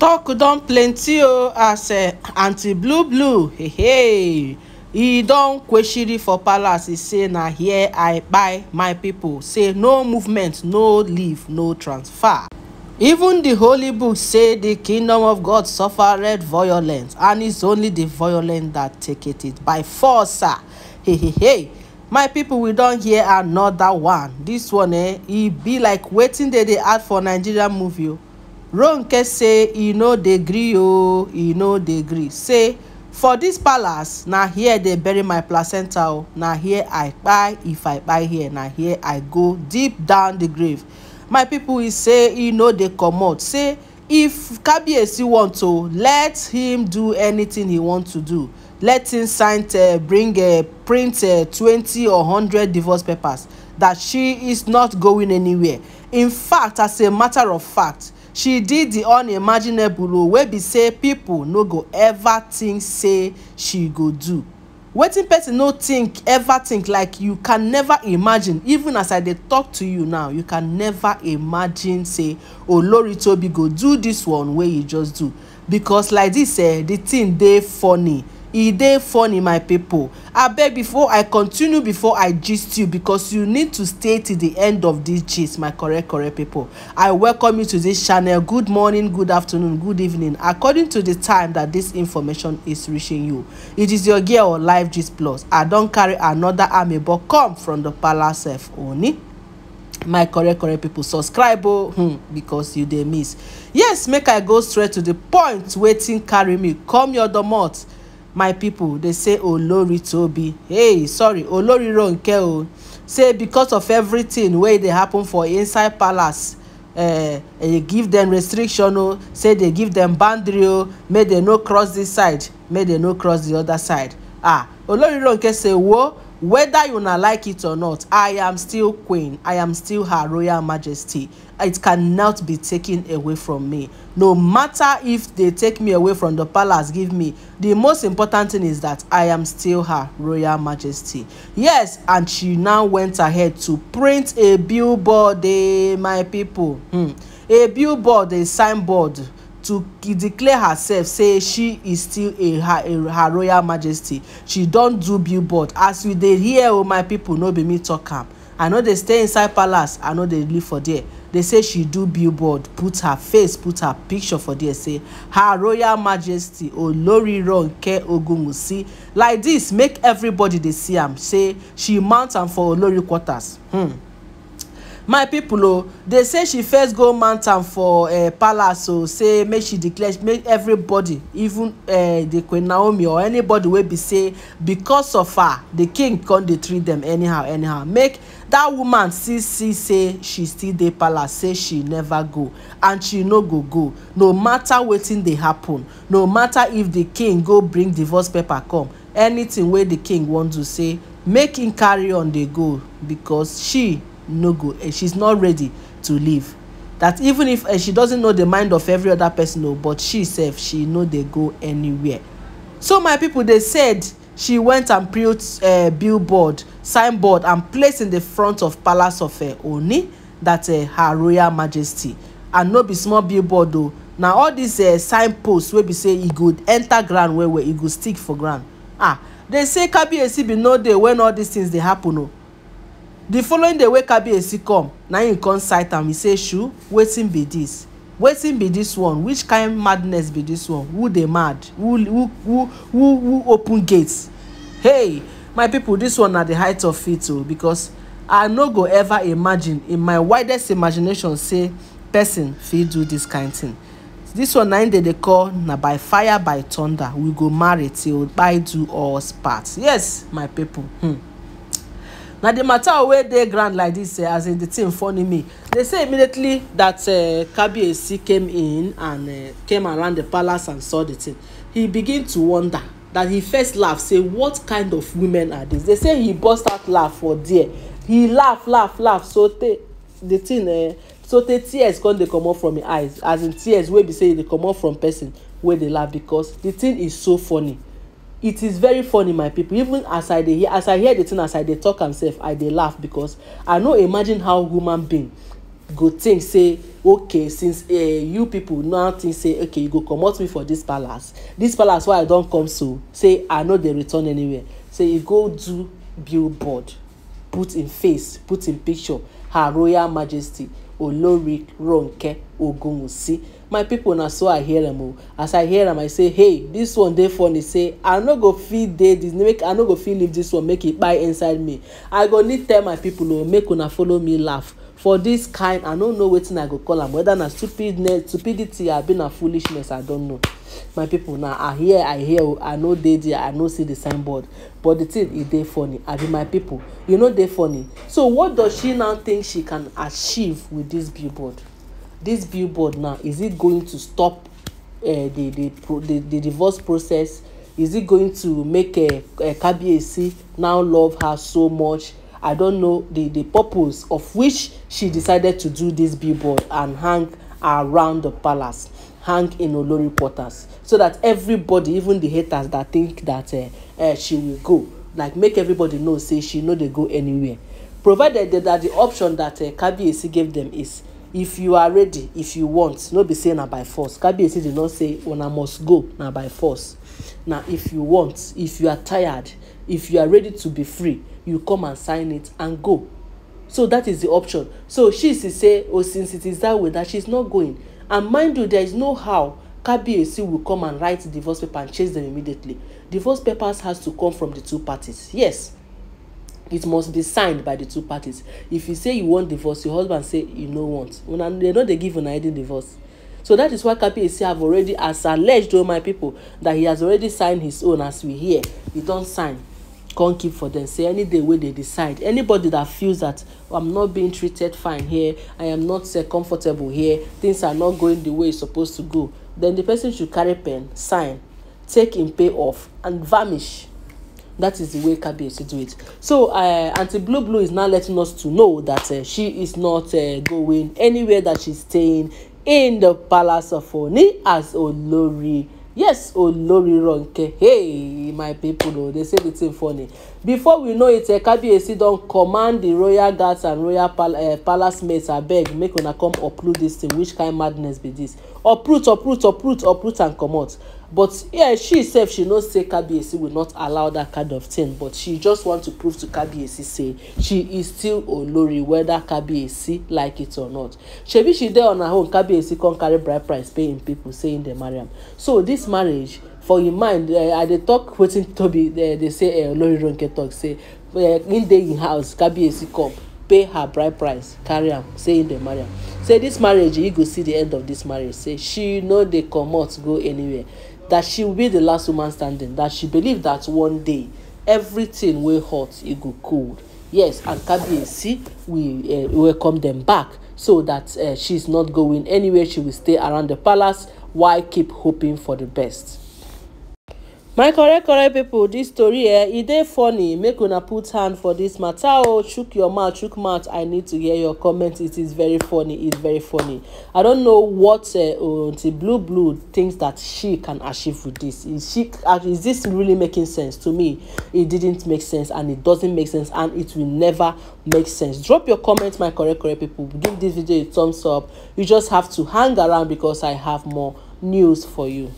talk don plenty o as uh, aunty blue blue hey, hey. e don kweshiri for palace e say na here i kpai my pipo say no movement no leave no transfer even the holy book say the kingdom of god suffered violence and it's only the violent that take it by force ah hey hey hey my people we don hear another one this one eh e be like wetin dey dey add for nigeria movie o oh ronke say e no dey gree oo oh, e no dey gree say for dis palace na here dey bury my placenta o oh. na here i kpai if i kpai here na here i go deep down di grave my pipo e say e no dey comot say if kabiyesi want to, let him do anything he want to do let him sign uh, bring uh, print uh, 20 or hundred divorce papers that she is not going anywhere in fact as a matter of fact she did di unimaginable o wey be say pipo no go ever think say she go do wetin person no think ever think like you can never imagine even as i dey talk to you now you can never imagine say olori tobi go do dis one wey e just do because like dis eh the thing dey funny e dey funny my pipo abeg before i continue before i gist you because you need to stay till the end of this gist my correct correct people. i welcome you to this channel good morning good afternoon good evening according to the time that this information is reaching you it is your girl life gist plus i don't carry another army, but come from the palace of oni my correct correct people. subscribe oh, hmm, because you dey miss yes make i go straight to the point Waiting, carry me come your domot my people dey say olori tobi hey sorry olori ronke o say because of everything wey dey happen for inside palace eh, uh, give dem restriction o say dey give dem boundary o make dem no cross this side make dem no cross the other side ah olori ronke say wo whether you una like it or not i am still queen i am still her royal majesty it cannot be taken away from me no matter if they take me away from the palace give me the most important thing is that i am still her royal majesty yes and she now went ahead to print a billboard eh my people hmm, a billboard a signboard to declare herself say she is still a her, a her royal majesty she don do billboard as you dey hear o oh, my people, no be me talk am i no dey stay inside palace i no dey live for there They say she do billboard put her face put her picture for there say her royal majesty olorironke ogunwusi like this, make everybody dey see am say she mount am for olori quarters. Hmm my people o dey say she first go mount for uh, palace o say make she declare make everybody even uh, the queen naomi or anybody wey be say because of her the king come dey treat them anyhow anyhow make that woman still see say she still dey palace say she never go and she no go go no matter wetin dey happen no matter if the king go bring divorce paper come anything wey the king wan do say make him carry on dey go because she no go she's not ready to leave that even if she doesn't know the mind of every other person oh, but she sef she no dey go anywhere so my people dey said she went and built uh, billboard signboard and place in the front of palace of uh, Oni. that uh, her royal majesty and no be small billboard o oh. na all these uh, signposts wey be say e go enter ground well well e go stick for ground ah they say kabiyesi bin no dey when all these things dey happen o oh. The following day wey kabiyesi come na im come sight am e say shu wetin be dis wetin be dis one which kind madness be dis one who dey mad who who who who who open gate hey my people dis one na the height of it o oh, because i no go ever imagine in my widest imagination say person fit do dis kind thing dis one na im dey dey call na by fire by thunder we go marry till kpai do us part yes my people. Hmm na the matter wey dey ground like dis eh, as in di tin funny me They say immediately that dat eh, kabiyesi came in and eh, came around the palace and saw the thing. he begin to wonder that he first laugh say what kind of women are dis They say he burst out laugh for there he laugh laugh laugh so tey the thing eh so tey tears come dey comot from im eyes as in tears wey be say e dey comot from person wey dey laugh because the thing is so funny it is very funny my people even as i dey hear as i hear the thing as i dey talk am sef i dey laugh because i no imagine how human being go think say okay since uh, you people now think say okay you go comot me for this palace this palace wey i don come so say i no dey return anywhere say so, e go do billboard put im face put im picture her royal majesty olori ronke ogunwusi my people na so i hear am o oh. as i hear am i say hey this one dey funny say i no go fit dey dis make i no go fit leave this one make e kpai inside me i go need tell my people o oh, make una follow me laugh for this kind i no know wetin i go call am whether na stupidness stupidity abi na foolishness i don't know my people na i hear i hear i no dey there i no see the signboard but the thing e dey funny abi my people e no dey funny so what does she now think she can achieve with this billboard this billboard now is it going to stop uh, the the pro the the divorce process is it going to make uh, uh, kabiyesi now love her so much i don't know the the purpose of which she decided to do this billboard and hang around the palace hang in olori quarters so that everybody even the haters that think that uh, uh, she will go like make everybody know say she no dey go anywhere provided that, the option that uh, kabiyesi gave them is if you are ready if you want no be say na by force kabiyesi did not say una oh, must go na by force na if you want if you are tired if you are ready to be free you come and sign it and go so that is the option so she is say oh since it is that way that she is not going and mind you there is no how kabiyesi will come and write divorce paper and chase them immediately divorce papers has to come from the two parties yes it must be signed by the two parties if you say you want divorce your husband say you no want una they no dey give una any divorce so that is why kpec have already as alleged o oh my people that he has already signed his own as we hear he don sign come keep for them. say any day wey they decide anybody that feels that oh, i'm not being treated fine here i am not comfortable here things are not going the way it's supposed to go then the person should carry pen sign take im pay off and vanish that is the way kabiyesi do it so uh, aunty blue blue is now letting us to know that uh, she is not uh, going anywhere that she's staying in the palace of oni as olori yes olori ronke hey my people o oh, dey say the thing funny before we know it ekabiesi eh, don command the royal guards and royal pal eh, palace mates abeg make una come uproot this thing which kind madness be this? uproot uproot uproot uproot and comot but yeah she sef she know say kabiesi will not allow that kind of thing but she just want to prove to kabiesi say she is still olori whether kabiesi like it or not shebi she dey on her own kabiesi come carry bride price pay im pipo say im marry am so this marriage for im mind eh, i dey talk wetin tobi eh, dey say eh, olorirunke talk say im dey im house kabiyesi come pay her bride price carry am say im dey marry am say dis marriage you go see the end of dis marriage say she no dey comot go anywhere that she be the last woman standing that she believe that one day everything wey hot e go cold yes and kabiyesi we welcome dem back so that she is not going anywhere she will stay around the palace while keep hoping for the best my correct correct pipo dis tori eh e dey funny make una put hand for dis matter o oh. chook your mouth chook mouth i need to hear your comment it is very funny it's very funny i don't know what aunty eh, oh, blue blue thinks that she can achieve with this. is she uh, is this really making sense to me it didn't make sense and it doesn't make sense and it will never make sense drop your comment my correct correct people. give this video a thumbs up you just have to hang around because i have more news for you